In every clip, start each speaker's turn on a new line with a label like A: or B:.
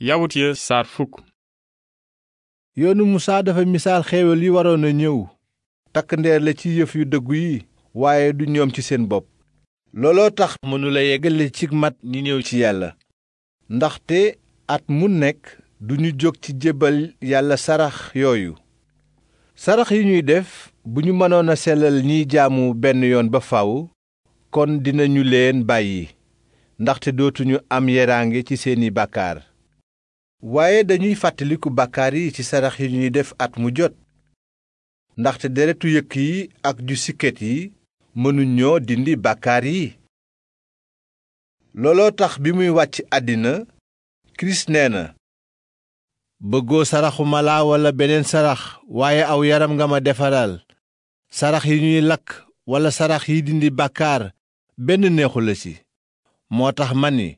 A: yawut ya yoonu musaa dafa misaal xéewal yi waroon a ñëw takk ndeer la ci yëf yu dëggu yi waaye du ñoom ci seen bopp looloo tax mënula yeggale ci mat ñi ñëw ci yàlla ndaxte at mu nekk duñu jóg ci jébbal yàlla sarax yooyu sarax yi ñuy def bu ñu mënoon a sellal ñiy jaamu benn yoon ba faw kon dinañu leen bàyyi ndaxte dootuñu am yeraange ci seeni bàkkaar waaye dañuy fàttaliku bakkaar yi ci sarax yi ñuy def at mu jot ndaxte deretu yëkk yi ak ju sikket yi mënuñoo dindi bàkkaar yi looloo tax bi muy wàcc àddina kirist nee na bëggoo saraxu mala walla beneen sarax waaye aw yaram nga ma defaral sarax yi ñuy lakk walla sarax yi dindi bakkaar benn neexu la moo tax ma ni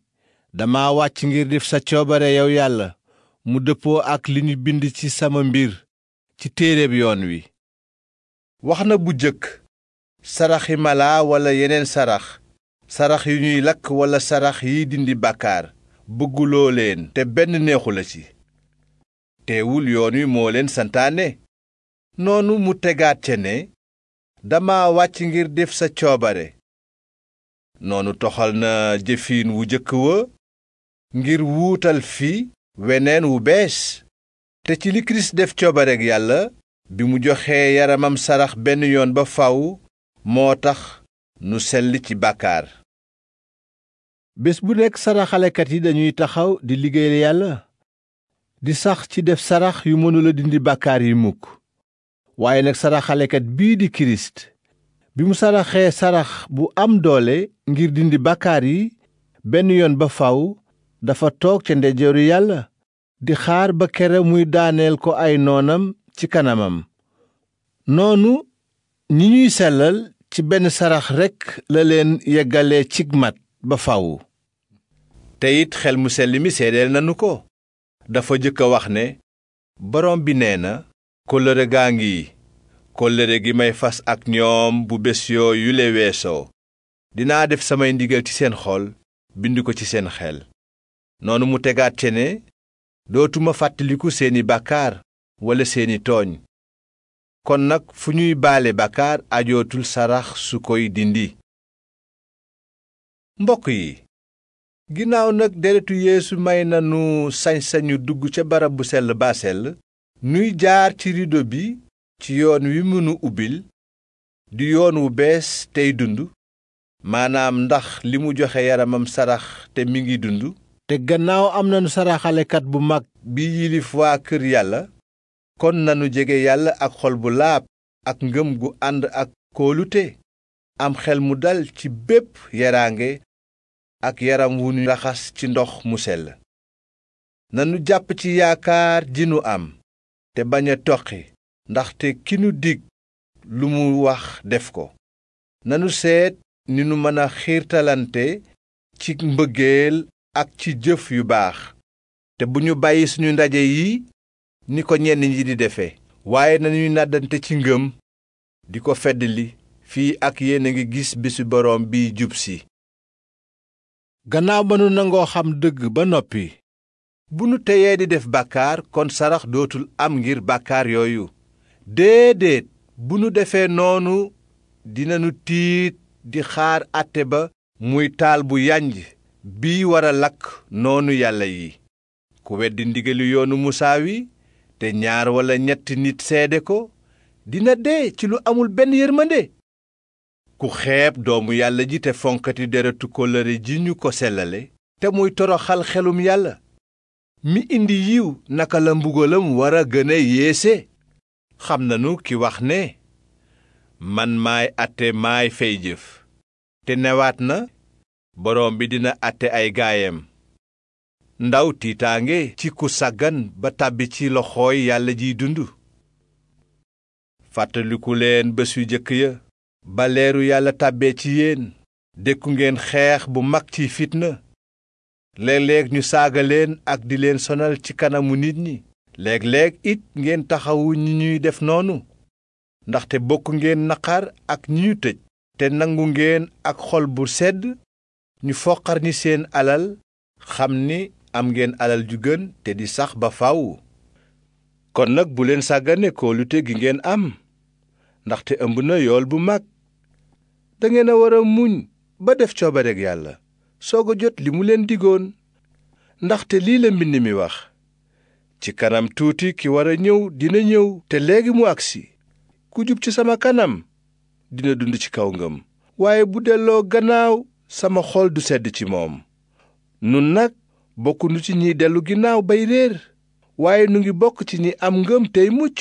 A: dama wàcc ngir def sa coobare yow yàlla mu dëppoo ak li ñu bind ci sama mbir ci téereb yoon wi wax na bu jëkk saraxi mala walla yeneen sarax sarax yu ñuy lakk walla sarax yi dindi bàkkaar bëgguloo leen te benn neexu la ci teewul yoon wi moo leen santaane noonu mu tegaat ca ne dama wàcc ngir def sa coobare noonu toxal na jëfiin wu jëkk wa ngir wuutal fi weneen wu bees te ci li kirist def coobareg yàlla bi mu joxee yaramam sarax benn yoon ba faw moo tax nu sell ci bàkkaar bés bu nekk saraxalekat yi dañuy taxaw di liggéeyal yàlla di sax ci def sarax yu mënula dindi bàkkaar yi mukk waaye nag saraxalekat bii di kirist bi mu saraxee sarax bu am doole ngir dindi bàkkaar yi benn yoon ba faw dafa toog ca ndeyjooru yàlla di xaar ba kere muy daaneel ko ay noonam ci kanamam noonu ñi ñuy sellal ci benn sarax rekk la leen yeggalee cig mat ba faw te it xel mu sell mi seedeel nanu ko dafa jëkk a wax ne borom bi nee na kóllëre gaa ngi kóllëre gi may fas ak ñoom bu bés yooyu le weesoo dinaa def samay ndigal ci seen xol bind ko ci seen xel noonu mu tegaat ce ne dootuma fàttaliku seeni bàkkaar wala seeni tooñ kon nag fu ñuy baale bàkkaar ajootul sarax su koy dindi mbokk yi ginnaaw nag deretu yéesu may na nanu sañ-sañu dugg ca barab bu sell baa sell nuy jaar ci rido bi ci yoon wi mënu ubbil di yoon wu bees tey dund maanaam ndax li mu joxe yaramam sarax te mi ngi dund te gannaaw am nanu saraxalekat bu mag bi yilif waa kër yàlla kon nanu jege yàlla ak xol bu laab ak ngëm gu ànd ak kóolute am xel mu dal ci bépp yaraange ak yaram wu ñu raxas ci ndox mu sell nanu jàpp ci yaakaar ji nu am te bañ a toqi ndaxte ki nu dikk lu mu wax def ko nanu seet ni nu mëna xiir talante ci mbëggeel ak ci jëf yu baax te bu ñu bàyyi suñu ndaje yi ni ko ñenn ñi di defe waaye nañuy nàddante ci ngëm di ko feddali fii ak yéen a ngi gis bi bisu boroom biy jub si gannaaw ba nangoo xam dëgg ba noppi bu nu teyee di def bàkkaar kon sarax dootul am ngir bàkkaar yooyu bu nu defee noonu dinanu tiit di xaar àtte ba muy taal bu yanj bii wara lakk noonu yàlla yi ku weddi ndigali yoonu musaa wi te ñaar walla ñetti nit seede ko dina dee ci lu amul benn yërmande ku xeeb doomu yàlla ji te fonkati deretu kóllëre ji ñu ko sellale te muy toroxal xelum yàlla mi indi yiw naka la mbugalam war a gën a yéese xam nanu ki wax ne man maay atte maay fay jëf te newaat na borom bi dina àtte ay gaayam ndaw tiitaange ci ku sàggan ba tàbbi ci loxooy yàlla jiy dund fàttaliku leen bés yu jëkk ya ba yàlla tàbbee ci yéen dékku ngeen xeex bu mag ci fitna léeg-léeg ñu saaga leen ak di leen sonal ci kanamu nit ñi léeg-léeg it ngeen taxawu ñi ñuy def noonu ndaxte bokk ngeen naqar ak ñi ñu tëj te nangu ngeen ak xol bu sedd ñu foqar ni seen alal xam ni am ngeen alal ju gën te di sax ba faw kon nag bu leen sàggane lu gi ngeen am ndaxte ëmb na yool bu mag dangeen a war a muñ ba def coobareg yàlla soog a jot li mu leen digoon ndaxte lii la mbind mi wax ci kanam tuuti ki war a ñëw dina ñëw te léegi mu agsi ku jub ci sama kanam dina dund ci kaw ngëm waaye bu delloo gannaaw sama xol du sedd ci moom nun nag bokk nu ci ñiy dellu ginnaaw bay réer waaye nu ngi bokk ci ñi am ngëm tey mucc